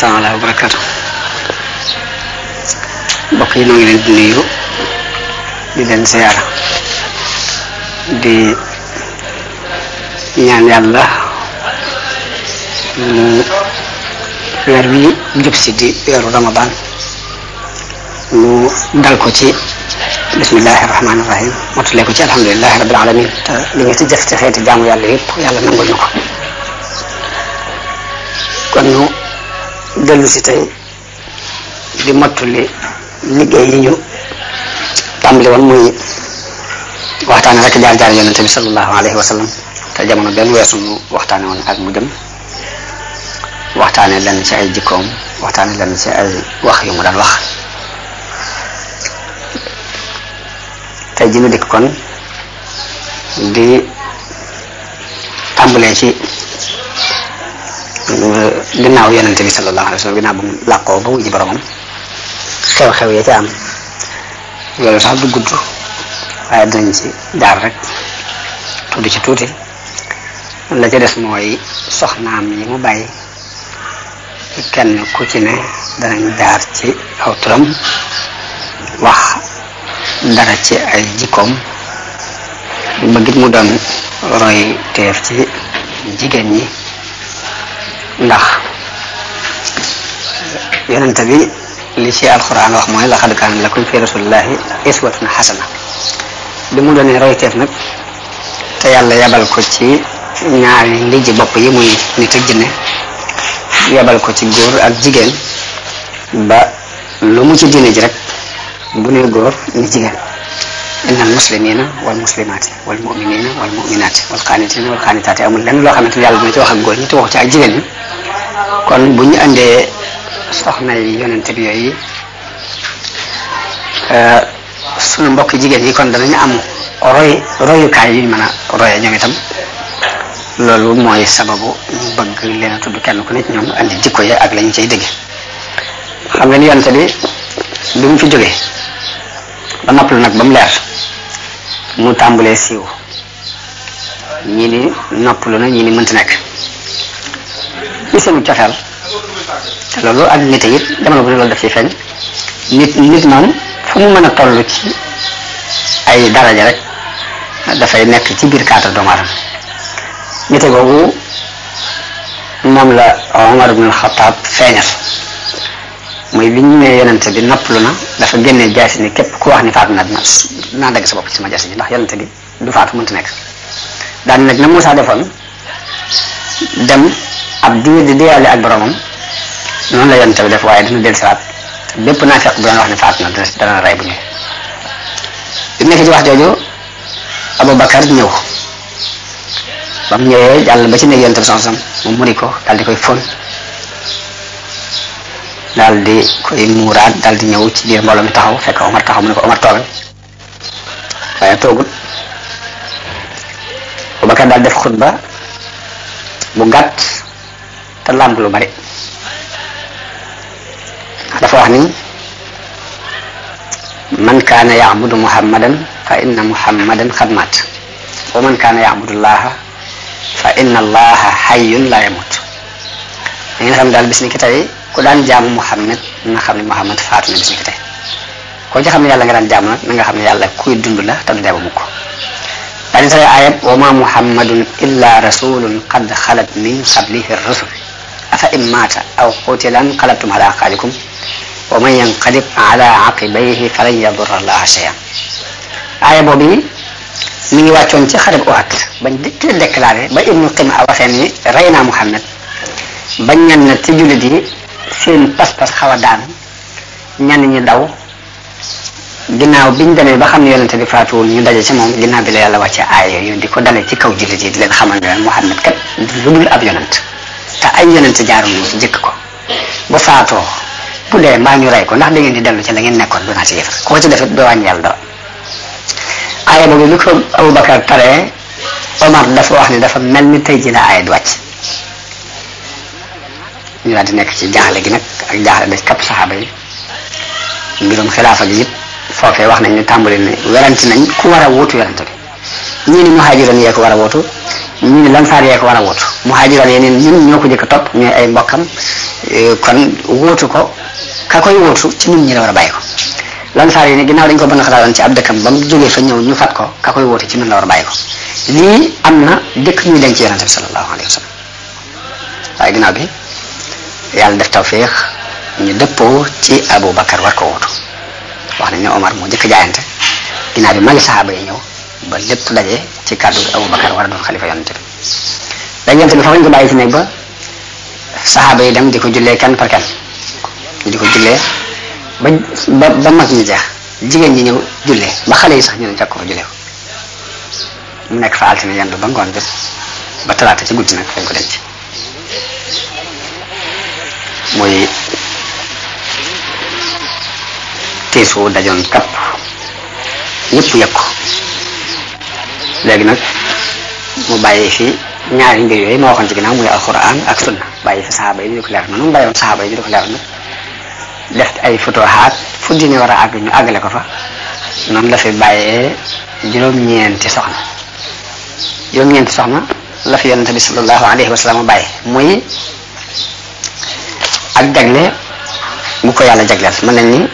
taala wa barakaatu mbokk yi noo ngi leen di nuyu di leen ziyaara di ñaan yàlla weer wi jub ramadan mu ko ci bismillahi rahmaani rahim motulee ko ci alhamdulilahi rabbil alamin te li nga ci jëf ci xeeti jaamu yàlla yëpp yàlla nangul ko kon dellu si tey di mottuli liggéey yi ñu tàmbali woon muy waxtaane rek jaar-jaar yonente bi sallallahu alayhi wa sallam te jamono benn weesu mu waxtaane woon ak mu jëm waxtaane lenn ci ay jikkoom waxtaane lenn ci ay wax yu mu wax tey ji ñu dikk kon di tàmbalee ci ginnaaw yonente bi sallallahu alayhi wa sallam ginnaaw bu mu làqoo ba wujji xew-xew ya ca am sax du gudd waaye dinañ ci jaar rek tudd ci tuuti la ca des mooy soxnaam yi mu bàyyi kenn ku ci ne danañ jaar ci aw turam wax dara ci ay jikkoom bëggit mu doon roy teef ci jigéen ñi ndax yonent bi li ci alxuraan wax mooy laqad kaana lakum fi rasulillahi iswatun xasana bi mu doonee royteef nag te yàlla yabal ko ci ñaari liji bopp yi muy nit ak jinne yabal ko ci góor ak jigéen ba lu mu ci diine ji rek bu ne góor ni jigéen inna al muslimina wal muslimaati wal muminina wal muminaati wal qaanitiina loo xamante ni yàlla dina ci wax ak góor ñi te waxu ci ak jigéen kon bu ñu andee soxna yi yonent bi yooyu euh, mbokk jigéen yi kon danañu am roy royukaay yu ñu mën a royee ñoom itam loolu mooy sababu ñu bëgg leen tudd kenn ku nekk ñoom andi jikko ya ak lañu cay dégg xam ngeen yonent bi bi mu fi jógee ba noppalu nag ba mu leer mu tàmbalee siiw ñii ni noppalu na ñii ni mënti nekk ci seenu loolu ak nit yi it dama bu loolu def ci feeñ nit nit moom fu mu mën a toll ci ay daraja rek dafay nekk ci biir cadre doomu aadama nit googu moom la Omar ibn Xataab feeñal mooy bi ñu nee yonente bi noppalu na dafa génnee jaasi ni képp ku wax ni faatu na dina naa dagg sa bopp ci sama jaasi ji ndax yonente bi du faatu mënta nekk daan nag na Moussa defoon dem ab diir di deeyaale ak boromam noonu la yonent bi def waaye dina dellusiwaat bépp naafeq bu doon wax ne faat na dana rey bu ñëw bi nekk ci wax jooju Aboubacar ñëw ba mu ñëwee jàll ba ci nekk yonent bi sonsam mu muri ko daal di koy fon daal di koy muuraat daal di ñëw ci biir mbooloo mi taxaw fekk Omar taxaw mu ne ko Omar toogal waaye toogul Aboubacar daal def xutba bu gàtt. te làmb la bari dafa wax ni man kaana yaabudu muhammadan fa inna muhammadan xad maat wa man kaana yaabudu llaaha fa inna allaha xayyun laa yamut da xam daal bis ni ki ku daan jaamu muhammad na xam ne muhammad faatu na bis ni ki tey koo ci xam ne yàlla nga daan jaamu nag na nga xam ne yàlla kuy dund la te du dee ba mukk daal di tere ayat wa ma qad xalat min qablihi rusul afa maata aw qutilan qalabtum ala aqaalikum wa man yanqalib a aqibayhi falan yadurra allaha shay'an aaya boobu mi ci xareb bañ di déclaré ba Ibnu Qima waxee ni rey naa Muhammad bañ ñan na di jullit yi seen pas-pas xaw a daw ginnaaw biñ demee ba xam ne yonente bi faatuwul ñu daje ci moom ginnaaw bi la yàlla wàcce aaya ko dalee ci kaw jullit yi di leen Muhammad kat lu dul te ay yonent jaaroon nañ ci jëkk ko bu faatoo bu dee mbaa ñu rey ko ndax da ngeen di dellu ci la ngeen nekkoon du naa ci yëfar ko ci def doo wàññi yàlla dara aaya boobu lu ko dafa wax ne dafa mel ni tey ji la aaya di wàcc ñu daal di nekk ci jaaxle gi nag ak jaaxle da yi mbirum xilaafa gi it foofee wax nañ ne tàmbali ne werante nañ ku war a wóotu werante bi ñii ni yee ko war a wóotu ñii ni lansaar yee ko war a wóotu muhaajiroon yeneen ñun ñoo ko jëkk topp ñooy ay mbokkam e, kon wóotu ko ka koy wóotu ci ñun ñi la war a bàyyi ko lansaar yi ne ginnaaw dañu ko mën a xalaatoon ci ab dëkkam ba mu jógee ñëw ñu fat ko ka koy ci ñun la war a bàyyi ko am na dëkk ñuy denc yonente bi sallallahu alayhi wa sallam waaye ginnaaw bi yàlla def tawféex ñu dëppoo ci Abu Bakar war ko wóotu wax nañ ne Omar moo jëkk jaayante ginnaaw bi magi saxaaba ñëw ba lépp daje ci kàddu Abu Bakar war a doon xalifa yonente bi léegi yonent bi foofu ñu ko bàyyi ci néeg ba saxaaba yi dem di ko jullee kan par kan di ko jullee ba mag ñi jeex jigéen ñi ñëw jullee ba xale yi sax ñu ne jàkk ko fa jullee ko mu nekk fa ci guddi nag ko denc muy tiisu dajoon kapp yëpp yëg ko léegi nag mu bàyyi fi ñaari mbir yooyu ma waxoon ci ginnaaw muy alquran ak sunna bàyyi fi saxaaba yi ñu di ko leer noonu mu bàyyoon saxaaba yi ñu di leer nag def ay futuhaat fu diine war a ñu àggale ko fa noonu la fi bàyyee juróom-ñeenti soxna juróom-ñeenti soxna la fi yonente bi sallallahu alayhi ko yàlla jagleel mën nañ ni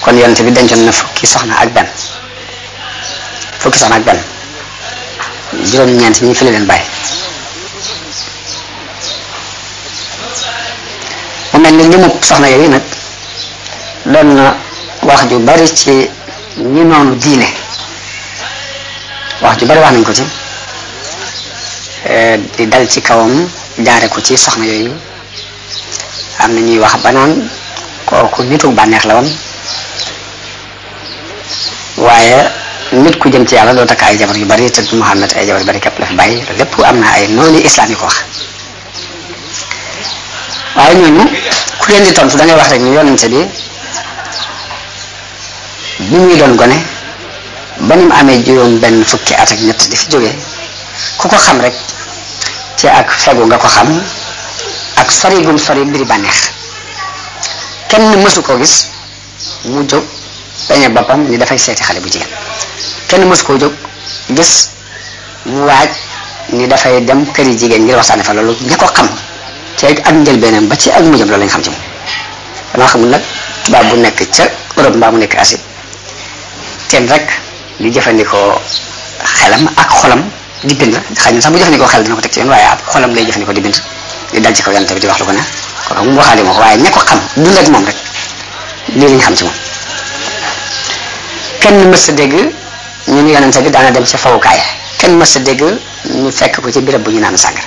kon yonente bi dencoon na fukki soxna ak benn fukki soxna ak juróom-ñeent ñi fi la leen bàyyi mu mel ni ñëmub soxna yooyu nag doon na wax ju bari ci ñu noonu diine wax ju bari wax nañ ko ci e, di dal ci kawam jaare ko ci soxna yooyu am na ñuy wax banaan naan kooku nitu bànneex la woon waaye nit ku jëm ci yàlla doo takk ay jabar yu bari te Muhammad ay jabar yu bari képp la fi bàyyi lépp am na ay noonu islam yi ko wax waaye ñooñu ku leen di tontu da wax rek ñu yonente bi bi muy doon gone ba ni mu amee juróom benn fukki at ñett di fi ku ko xam rek ci ak fegu nga xam ak sori gum sori mbiri bànneex kenn koo gis mu jóg ni dafay seeti xale bu jigéen kenn mës koo jóg gis mu waaj ni dafay dem yi jigéen ngir waxtaane fa loolu ña ko xam ci ak beneen ba ci ak mujjam loolu lañ xam ci moom dama nag tubaab bu nekk ca Europe mbaa mu nekk Asie kenn rek di jëfandikoo xelam ak xolam di na sax bu jëfandikoo xel ko teg ci yoon waaye ak xolam lay jëfandikoo di di dal ci kaw yonent bi di wax lu ko ne kooku waaye ña ko xam dund ak moom rek lii xam ci moom mës a dégg ñun yonente bi daana dem sa fawukaay kenn mës a dégg ñu fekk ko ci béréb bu ñu naan sàngara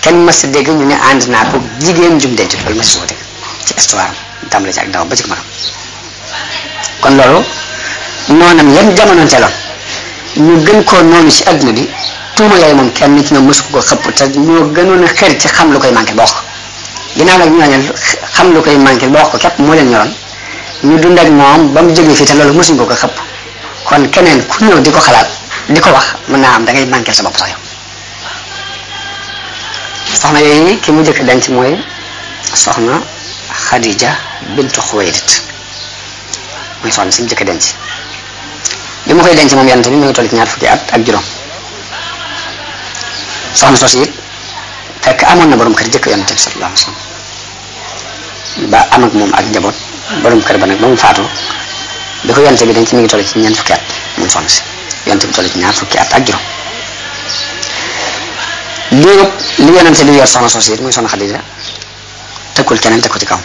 kenn mës a dégg ñu ne ànd naa ko jigéen jum denc loolu mës a dégg ci histoire tàmbali ci ak daaw ba ci magam kon loolu noonam yan jamono teeloon ñu gën koo noonu ci adduna bi tuuma yooyu kenn nit ñi mësu ko xëpp te ñoo gënoon a xër ci xam lu koy manqué boo ko ginnaaw nag ñu ne xam lu koy manqué boo ko képp moo leen ñoroon ñu dund ak moom ba mu jógee fii te loolu mësuñ ko ko xëpp. kon keneen ku ñëw di ko xalaat di ko wax mën naa am dangay ngay manqué sa bopp sax yow soxna yooyu ki mu jëkk denc mooy soxna Khadija bintu Xuwaylid mooy soxna si mu njëkk denc bi ma koy denc moom yonent bi mu ngi toll ci ñaar fukki at ak juróom soxna soosu it fekk amoon na borom kër jëkk yonent bi sallallahu alayhi wa sallam ba am ak moom ak njaboot borom kër ba nag ba mu faatu bi ko yonte bi ci mi ngi toll ci ñeent fukki at moom soxna si yonte bi toll ci ñaar fukki at ak juróom léegi li yonente bi yor soxna soosu it muy soxna Xadija tëkkul keneen teg ko ci kaw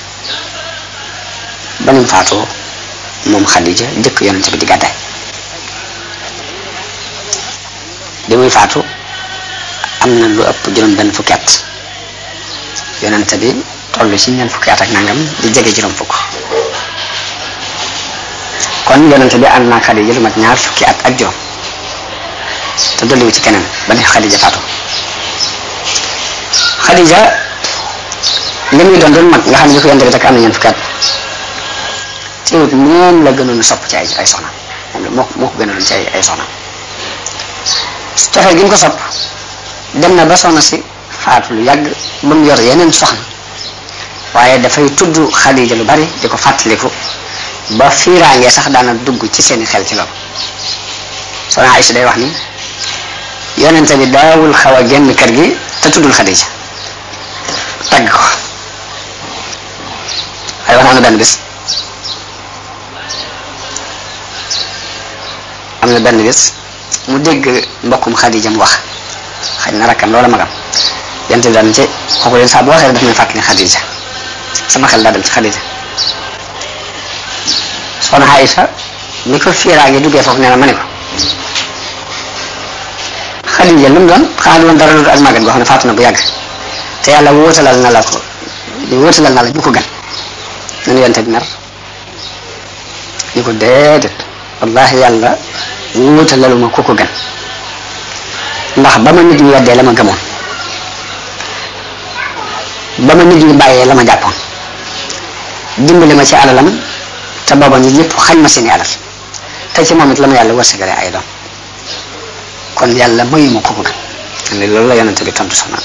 ba ni mu moom Xadija njëkk yonente bi di gàddaay bi muy faatu am na lu ëpp juróom benn fukki at yonente bi toll ci ñeent fukki at ak nangam di jege juróom fukk kon yonente bi ànd naa Xadija lu mat ñaar fukki ak juróom te dolliwu ci keneen ba ne Xadija faatu Xadija li muy doon doon mag nga xam ne bi ko yonente bi takk am na ñeent fukki ci ay ay soxna moom la moo ci ay ay soxna cofeel gi mu ko sopp dem na ba soxna si faatu lu yàgg ba mu yor yeneen soxna waaye dafay tudd Xadija lu bari di ko ko ba fiiraange sax a dugg ci seeni xel ci loolu soxna Aïcha day wax ni yonente bi daawul xaw a génn kër gi te tuddul Xadija tagg ko ay wax na benn bis am na benn bis mu dégg mbokkum Xadija mu wax xaj na rakkam loola magam yonente bi daan ci kooku leen saa boo waxee daf may fàttali sama xel daa dem ci Xadija soxna Aïcha ni ko fiiraange duggee foofu nee na ma ne ko Xadija lu doon dara lu ak màggat boo xam na bu yàgg te yàlla wóotalal na la ko wóotalal na la ju ko gan nanu yonte bi mer ñu ko déedéet ba ma nit ñi weddee la ma gëmoon ba ma nit ñi bàyyee la ma jàppoon dimbali ma ci alalam te booba ñun ñëpp xañ ma seeni alal te ci moom it la ma yàlla wërsëgale ay doom kon yàlla mayu ma kooku nag ne loolu la yonente bi tontu soxna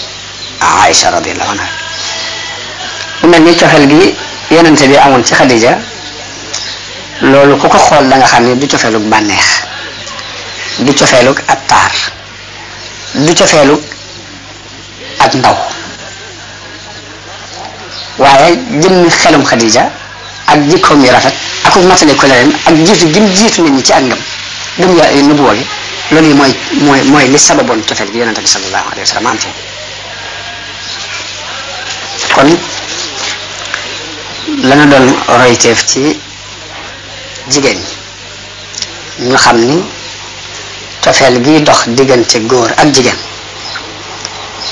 Aïcha radiyallahu anha bu mel ni cofeel gi yonente bi loolu ku ko xool da nga xam ne du cofeelug bànneex du cofeelug ak taar du cofeelug ak ndaw waaye jëmmi xelum Xadija ak jikkoom yu rafet ak matale koleeram ak jiitu gim jiitu nit ñi ci ak ngëm gëm ya nubuwa gi loolu yi mooy mooy mooy li sababoon cofeel gi yonente bi sallallahu alayhi wa sallam am ci kon lana doon jigéen ñi ñu xam ni cofeel gi dox diggante góor ak jigéen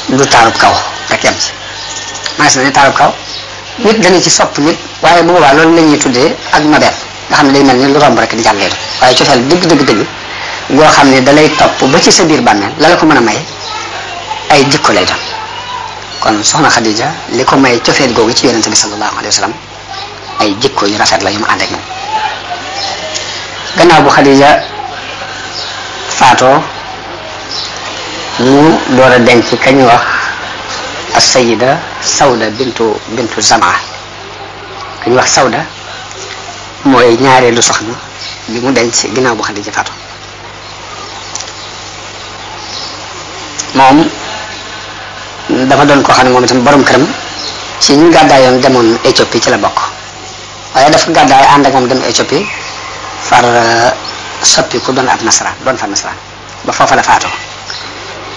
du taarub kaw rek yam ci maa ngi ne taarub kaw nit dana ci sopp nit waaye bu boobaa loolu la ñuy tuddee ak maber nga xam ne day mel ni lu romb rekk di jàllee waaye cofeel dëgg dëgg dëgg goo xam ne dalay topp ba ci sa biir bàmmeel la la ko mën a may ay jikko lay doon kon soxna Khadija li ko may cofeel googu ci yonente bi sallallahu alayhi wa ay jikko yu rafet la yu mu ànd ak gannaaw bu Khadija faatoo mu door a denc kañ wax as sayida sawda bintu bintu zamaa ku wax sawda mooy ñaareelu soxna bi mu denc ginnaaw bu Xadija faatu moom dafa doon koo xam ne moom itam këram ci ñu gàddaayoon demoon Éthiopie ci la bokk waaye dafa gàddaay ànd ak moom dem Éthiopie far euh, soppi ku doon ab nasaraan doon fa nasaraan ba foofa la faatoo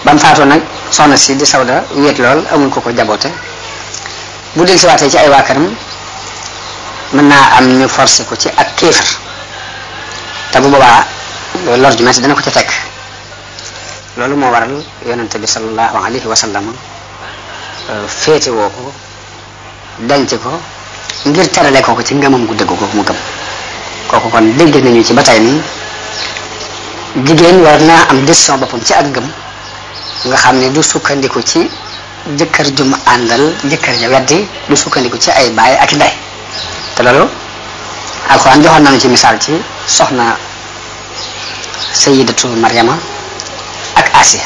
ba mu faatoo nag soxna si di sawda wéet lool amul ko ko jaboote bu del si waatee ci ay waa këram mën naa am ñu forcé ko ci ak kéefar te bu boobaa lor ju metti dana ko ca fekk loolu moo waral yonente bi sallallahu alayhi wa sallam euh, féete woo ko ko ngir terale kooku ci ngamam gu dëgg kooku mu gëm kooku kon dégg nañu ci ba tey nii jigéen war naa am décision boppam ci ak gëm nga xam ne du sukkandiku ci jëkkër ju mu àndal jëkkër ja weddi du sukkandiku ci ay baay ak i ndey te loolu alxuraan joxoon nañu ci misaal ci soxna sayidatu Maryama ak Asiya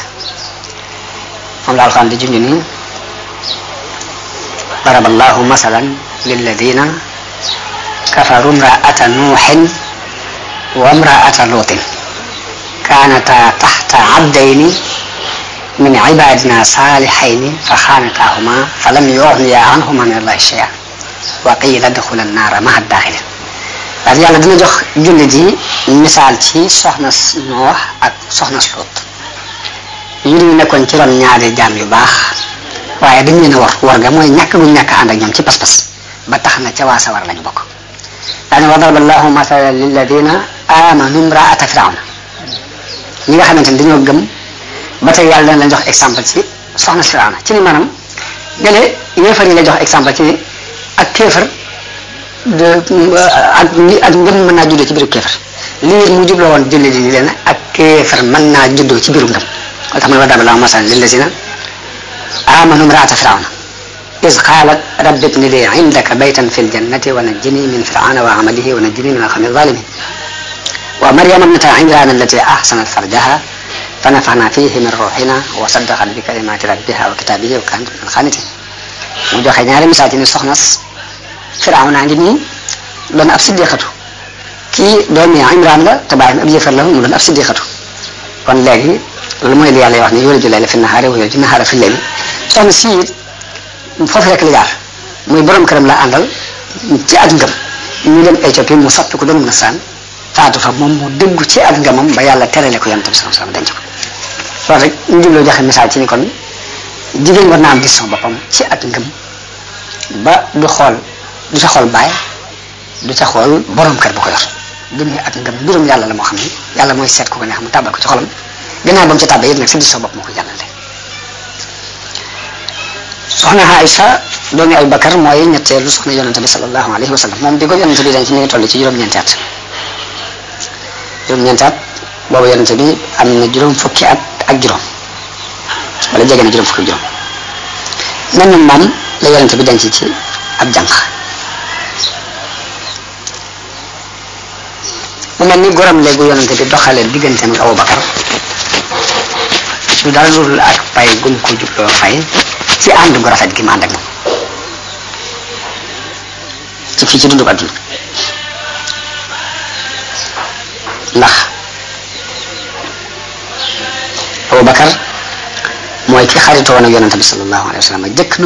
moom la alxuraan di junj nii daraballahu masalan lilladina kafaru mraata nuuxin wa mraata luutin kaanataa taxta abdayni من عبادنا صالحين فخانتاهما فلم يغنيا عنهما من الله شيئا وقيل ادخل النار مع الداخلين daal yàlla dina jox jullit yi misaal ci soxna noox ak soxna Luut ñu ñu nekkoon ci ron ñaari jaam yu baax waaye dañ leen a war war nga mooy ñàkk guñ ñàkk ànd ak ñoom ci pas-pas ba tax na ca waa sawar lañu bokk daañu wa daraba allahu masalan lilladina amanu imraata firawna ñi nga xamante ni dañoo gëm ba tey yàlla dana la jox exemple ci soxna si raana ci ni maanaam léeg-léeg yéefar yi la jox exemple ci ni ak kéefar de ak ak ngëm mën naa juddoo ci biiru kéefar li ngeen mu jubloo woon julli di leen ak kéefar mën naa juddoo ci biiru ngëm moo tax ma ne wa daba laahu masalan lillazina amanu imra'ata firawna iz qaalat rabbi ibni li indaka baytan fi ljannati wa najjini min fir'aana wa 'amalihi wa najjini min al-qawmi adh-dhalimin wa maryama ibnata imraan allati ahsanat farjaha فنفعنا فيه من روحنا وصدقا بكلمات ربها وكتابه وكانت من القانتين mu joxe ñaari misaal ci ni soxnas Firawna ngi nii doon ab siddiqatu kii doomi Imraan la te bàyyam ab yëfar la mu doon ab siddiqatu kon léegi la mooy li yàlla ni ne yuliju layla fi nahaari wa yuliju nahaara fi layli soxna si it foofu rek la jaar muy borom la àndal ci ak ngëm ñu dem Éthiopie mu soppi ko doon mun a saan faatu fa moom mu dëggu ci ak ngamam ba yàlla terale ko yonent bi sallallahu alayhi wa sallam denc ko loolu rek ñu jubloo joxe misaal ci ni kon jigéen war naa am gis sama boppam ci ak ngëm ba du xool du ca xool baay du ca xool borom kër bu ko yor jëmee ak ngëm mbirum yàlla la moo xam ne yàlla mooy seet ku ko neex mu tàbbal ko ci xolam gannaaw ba mu ci tàbbee yëpp nag si gis sama bopp moo ko jàllale. soxna Aïcha doomi Abubakar mooy ñetteelu soxna yonente bi sallallahu alayhi wa sallam moom di ko yonente bi dañ ci mi ngi toll ci juróom-ñeenti at juróom-ñeenti at am na juróom fukki at. ak juróom wala jege na juróom fukk ak juróom mel ni moom la yonent bi dañ ci ab jànq mu mel ni gorom léegu yonent bi doxalee digganteem ak Abubakar du dara dul ak pay gum ko jubloo fay ci ànd gu rafet gi mu ànd ak ci fii ci dundu ko ndax Abubakar mooy ki xaritoon ak yonente bi sallallahu alayhi wa sallam jëkk